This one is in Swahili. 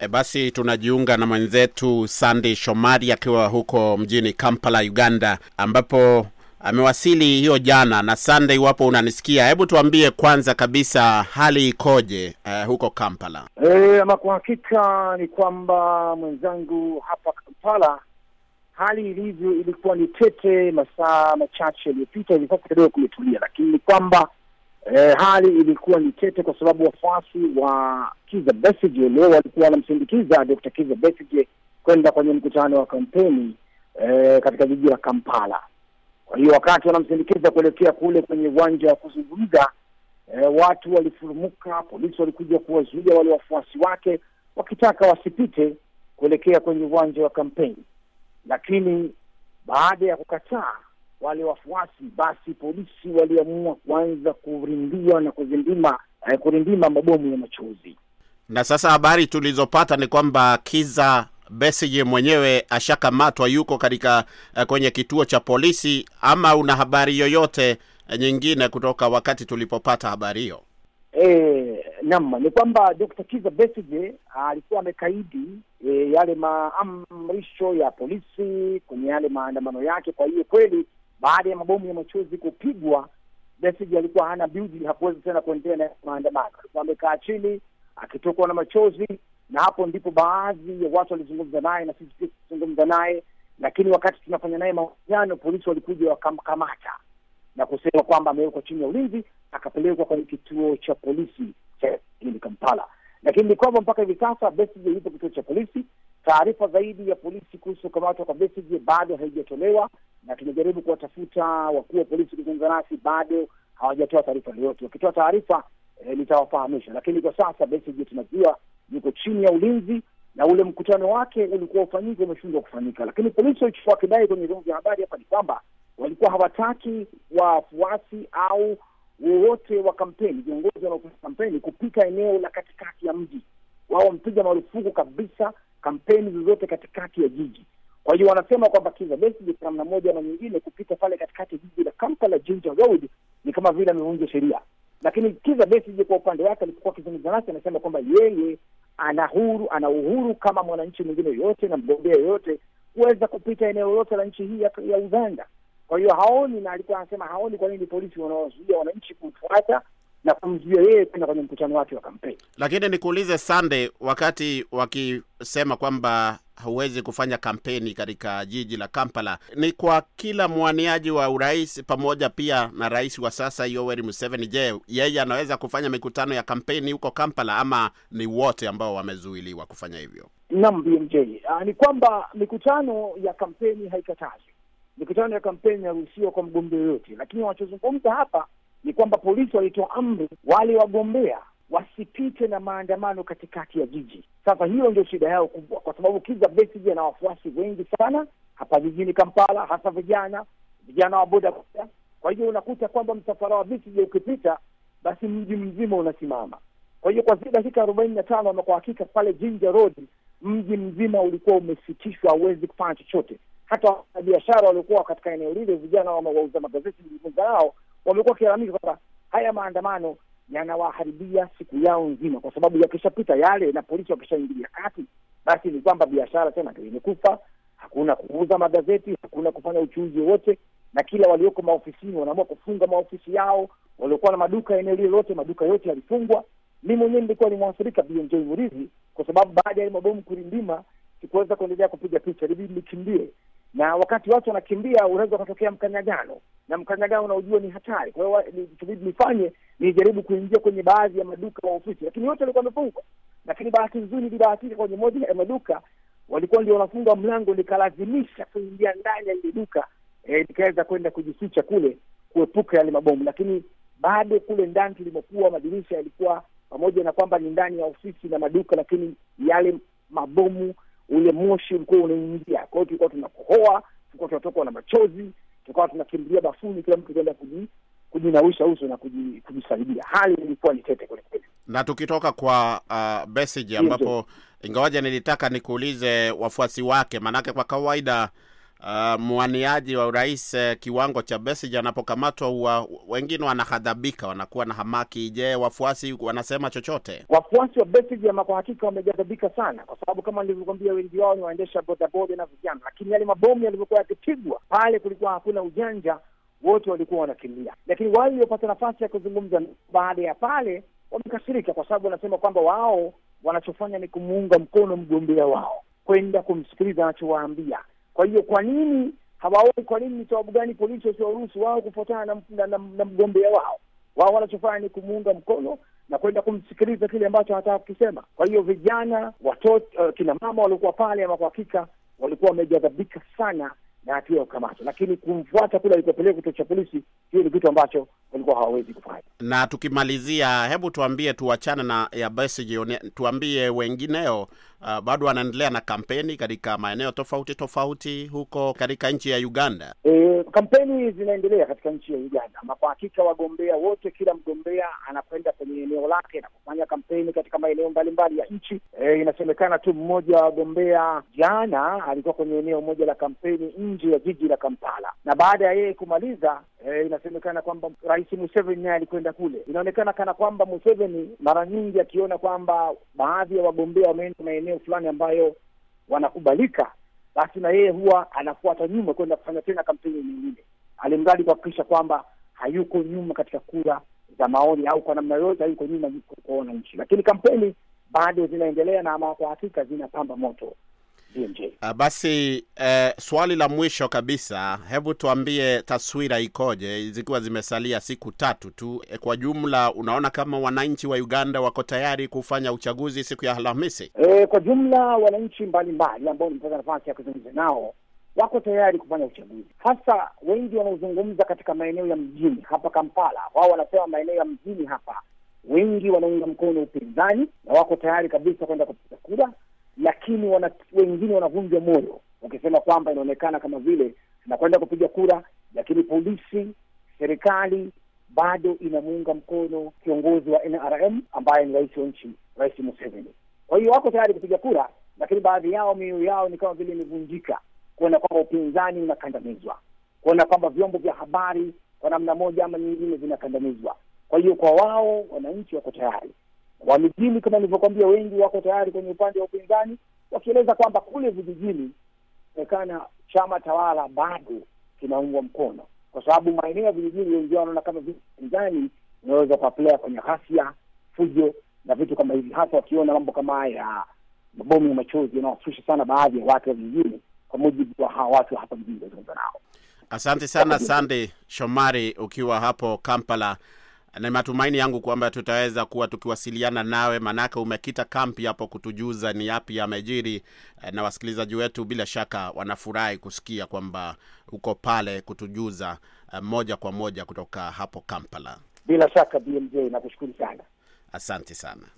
E, basi tunajiunga na mwenzetu Sandy Shomari akiwa huko mjini Kampala, Uganda, ambapo amewasili hiyo jana. Na sande iwapo unanisikia, hebu tuambie kwanza kabisa hali ikoje eh, huko Kampala? E, ama kwa hakika ni kwamba mwenzangu, hapa Kampala hali ilivyo ilikuwa ni tete. Masaa machache yaliyopita ilikuwa kidogo kumetulia, lakini ni kwamba E, hali ilikuwa ni tete kwa sababu wafuasi wa Kizza Besigye leo walikuwa wanamsindikiza Dr. Kizza Besigye kwenda kwenye mkutano wa kampeni e, katika jiji la Kampala. Kwa hiyo wakati wanamsindikiza kuelekea kule kwenye uwanja wa kuzungumza e, watu walifurumuka, polisi walikuja kuwazuia wale wafuasi wake wakitaka wasipite kuelekea kwenye uwanja wa kampeni, lakini baada ya kukataa wale wafuasi, basi polisi waliamua kuanza kurindua na kuzindima eh, kurindima mabomu ya machozi. Na sasa habari tulizopata ni kwamba Kiza Besigye mwenyewe ashakamatwa, yuko katika eh, kwenye kituo cha polisi. Ama una habari yoyote eh, nyingine kutoka wakati tulipopata habari hiyo? E, naam, ni kwamba Dr. Kiza Besigye alikuwa amekaidi e, yale maamrisho ya polisi kwenye yale maandamano yake. Kwa hiyo kweli baada ya mabomu ya machozi kupigwa, Besigye alikuwa hana budi, hakuweza tena kuendelea na maandamano, alikuwa amekaa chini akitokwa na machozi, na hapo ndipo baadhi ya watu walizungumza naye na sisi pia tulizungumza naye, lakini wakati tunafanya naye mahojiano, polisi walikuja wakamkamata na kusema kwamba amewekwa chini ya ulinzi, akapelekwa kwenye kituo cha polisi cha Kampala. Lakini ni kwamba mpaka hivi sasa Besigye yupo kituo cha polisi Taarifa zaidi ya polisi kuhusu kukamatwa kwa Besigye bado haijatolewa, na tumejaribu kuwatafuta wakuu wa polisi kuzungumza nasi, bado hawajatoa taarifa yoyote. Wakitoa taarifa eh, nitawafahamisha, lakini kwa sasa Besigye tunajua yuko chini ya ulinzi na ule mkutano wake ulikuwa ufanyike umeshindwa kufanyika. Lakini polisi walichokuwa wakidai kwenye vyombo vya habari hapa ni kwamba walikuwa hawataki wafuasi au wowote wa kampeni, viongozi wanaofanya kampeni kupita eneo la katikati ya mji. Wao wamepiga marufuku kabisa kampeni zozote katikati ya jiji. Kwa hiyo wanasema kwamba kiza basi kwa namna moja na nyingine kupita pale katikati ya jiji la Kampala Jinja Road ni kama vile amevunja sheria. Lakini Kiza Besigye kwa upande wake alipokuwa akizungumza nasi, anasema kwamba yeye ana huru ana uhuru kama mwananchi mwingine yoyote na mgombea yoyote kuweza kupita eneo lolote la nchi hii ya, ya Uganda. Kwa hiyo haoni, na alikuwa anasema haoni kwa nini polisi wanawazuia wananchi kumfuata na kumzuia yeye kwenda kwenye mkutano wake wa kampeni. Lakini nikuulize Sande, wakati wakisema kwamba huwezi kufanya kampeni katika jiji la Kampala, ni kwa kila mwaniaji wa urais pamoja pia na rais wa sasa Yoweri Museveni. Je, yeye anaweza kufanya mikutano ya kampeni huko Kampala ama ni wote ambao wamezuiliwa kufanya hivyo? Naam, BMJ, ah, ni kwamba mikutano ya kampeni haikatazi Mikutano ya kampeni inaruhusiwa kwa mgombea yoyote, lakini wanachozungumza hapa ni kwamba polisi walitoa amri wale wagombea wasipite na maandamano katikati ya jiji. Sasa hiyo ndio shida yao kubwa, kwa sababu Kizza Besigye ana wafuasi wengi sana hapa jijini Kampala, hasa vijana vijana wa bodaboda. Kwa hiyo unakuta kwamba msafara wa Besigye ukipita, basi mji mzima unasimama. Kwa hiyo kwa zile dakika arobaini na tano ama kwa hakika pale Jinja Road mji mzima ulikuwa umesitishwa, hauwezi kufanya chochote. Hata wafanyabiashara waliokuwa katika eneo lile, vijana wauza magazeti nilizungumza nao wamekuwa wakilalamika kwamba haya maandamano yanawaharibia siku yao nzima, kwa sababu yakishapita yale na polisi wakishaingilia kati, basi ni kwamba biashara tena ndio imekufa. Hakuna kuuza magazeti, hakuna kufanya uchuuzi wowote, na kila walioko maofisini wanaamua kufunga maofisi yao. Waliokuwa na maduka eneo lile lote, maduka yote yalifungwa. Mi mwenyewe nilikuwa nimwathirika BMJ Murithi, kwa sababu baada ya mabomu kulindima sikuweza kuendelea kupiga picha, ilibidi nikimbie na wakati watu wanakimbia, unaweza ukatokea mkanyagano, na mkanyagano unaojua ni hatari. Kwa hiyo itabidi nifanye, nijaribu kuingia kwenye baadhi ya maduka wa ofisi, lakini yote walikuwa wamefungwa. Lakini bahati nzuri, nilibahatika kwenye moja ya maduka walikuwa ndio wanafunga mlango, nikalazimisha kuingia ndani ya ile duka e, nikaweza kwenda kujificha kule kuepuka yale mabomu, lakini bado kule ndani tulimokuwa, madirisha yalikuwa pamoja na kwamba ni ndani ya ofisi na maduka, lakini yale mabomu ule moshi ulikuwa unaingia. Kwa hiyo tulikuwa tunakohoa, tulikuwa tunatokwa na machozi, tulikuwa tunakimbilia bafuni, kila mtu kwenda kujinawisha uso na kujisaidia. Hali ilikuwa ni tete kwelikweli. Na tukitoka kwa uh, Besigye ambapo ingawaje nilitaka nikuulize wafuasi wake, maanake kwa kawaida uh, mwaniaji wa urais eh, kiwango cha Besigye anapokamatwa, huwa wengine wanahadhabika, wanakuwa na hamaki. Je, wafuasi wanasema chochote? Wafuasi wa Besigye ama kwa hakika wameghadhabika sana, kwa sababu kama nilivyokwambia, wengi wao ni waendesha bodaboda na vijana, lakini yale mabomu yalivyokuwa yakipigwa pale, kulikuwa hakuna ujanja, wote walikuwa wanakimbia. Lakini wale waliopata nafasi ya kuzungumza baada ya pale wamekasirika, kwa sababu wanasema kwamba wao wanachofanya ni kumuunga mkono mgombea wao, kwenda kumsikiliza anachowaambia kwa hiyo kwa nini hawaoni? Kwa nini? Ni sababu gani polisi wasiwaruhusu wao kufuatana na, na, na, na mgombea wao? Wao wanachofanya ni kumuunga mkono na kwenda kumsikiliza kile ambacho anataka kukisema. Kwa hiyo vijana, watoto, uh, kina mama waliokuwa pale, ama kwa hakika walikuwa wamejadhabika sana na hatua ya kukamatwa, lakini kumfuata kule alikopeleka kituo cha polisi, hiyo ni kitu ambacho walikuwa hawawezi kufanya. Na tukimalizia, hebu tuambie, tuachane na ya Besigye, tuambie wengineo uh, bado wanaendelea na kampeni katika maeneo tofauti tofauti huko katika nchi ya Uganda. E, kampeni zinaendelea katika nchi ya Uganda, na kwa hakika wagombea wote, kila mgombea anakwenda kwenye eneo lake na kufanya kampeni katika maeneo mbalimbali ya nchi. E, inasemekana tu mmoja wa wagombea jana alikuwa kwenye eneo moja la kampeni nje ya jiji la Kampala, na baada ya yeye kumaliza e, inasemekana kwamba Rais Museveni naye alikwenda kwenda kule. Inaonekana kana kwamba Museveni mara nyingi akiona kwamba baadhi ya wagombea wameenda maeneo fulani ambayo wanakubalika, basi na yeye huwa anafuata nyuma kwenda kufanya tena kampeni nyingine, alimradi kuhakikisha kwamba hayuko nyuma katika kura za maoni au kwa namna yoyote hayuko nyuma kwa wananchi. Lakini kampeni bado zinaendelea na ama kwa hakika zinapamba moto. BMJ. Ah, basi eh, swali la mwisho kabisa, hebu tuambie taswira ikoje zikiwa zimesalia siku tatu tu. Eh, kwa jumla unaona kama wananchi wa Uganda wako tayari kufanya uchaguzi siku ya Alhamisi? Eh, kwa jumla wananchi mbalimbali ambao nimepata nafasi ya kuzungumza nao wako tayari kufanya uchaguzi, hasa wengi wanaozungumza katika maeneo ya mjini hapa Kampala. Wao wanasema maeneo ya mjini hapa wengi wanaunga mkono upinzani na wako tayari kabisa kwenda kupiga kura lakini wana, wengine wanavunjwa moyo wakisema kwamba inaonekana kama vile tunakwenda kupiga kura, lakini polisi, serikali bado inamuunga mkono kiongozi wa NRM ambaye ni rais wa nchi, Rais Museveni. Kwa hiyo wako tayari kupiga kura, lakini baadhi yao mioyo yao ni kama vile imevunjika, kuona kwamba upinzani unakandamizwa, kuona kwamba vyombo vya habari kwa namna moja ama nyingine vinakandamizwa. Kwa hiyo kwa wao wananchi wako tayari wa mijini kama nilivyokwambia, wengi wako tayari kwenye upande wa upinzani, wakieleza kwamba kule vijijini onekana chama tawala bado kinaungwa mkono, kwa sababu maeneo ya vijijini wengi wanaona kama upinzani unaweza ukaplea kwenye ghasia, fujo na vitu kama hivi, hasa wakiona mambo kama haya mabomu ya machozi yanawafusha sana baadhi ya watu wa vijijini, kwa mujibu wa hawa watu hapa mjini wazungumza nao. Asante sana Sande Shomari, ukiwa hapo Kampala. Ni matumaini yangu kwamba tutaweza kuwa tukiwasiliana nawe, maanake umekita kampi hapo kutujuza ni yapi yamejiri, eh, na wasikilizaji wetu bila shaka wanafurahi kusikia kwamba uko pale kutujuza eh, moja kwa moja kutoka hapo Kampala. Bila shaka BMJ, nakushukuru sana, asante sana.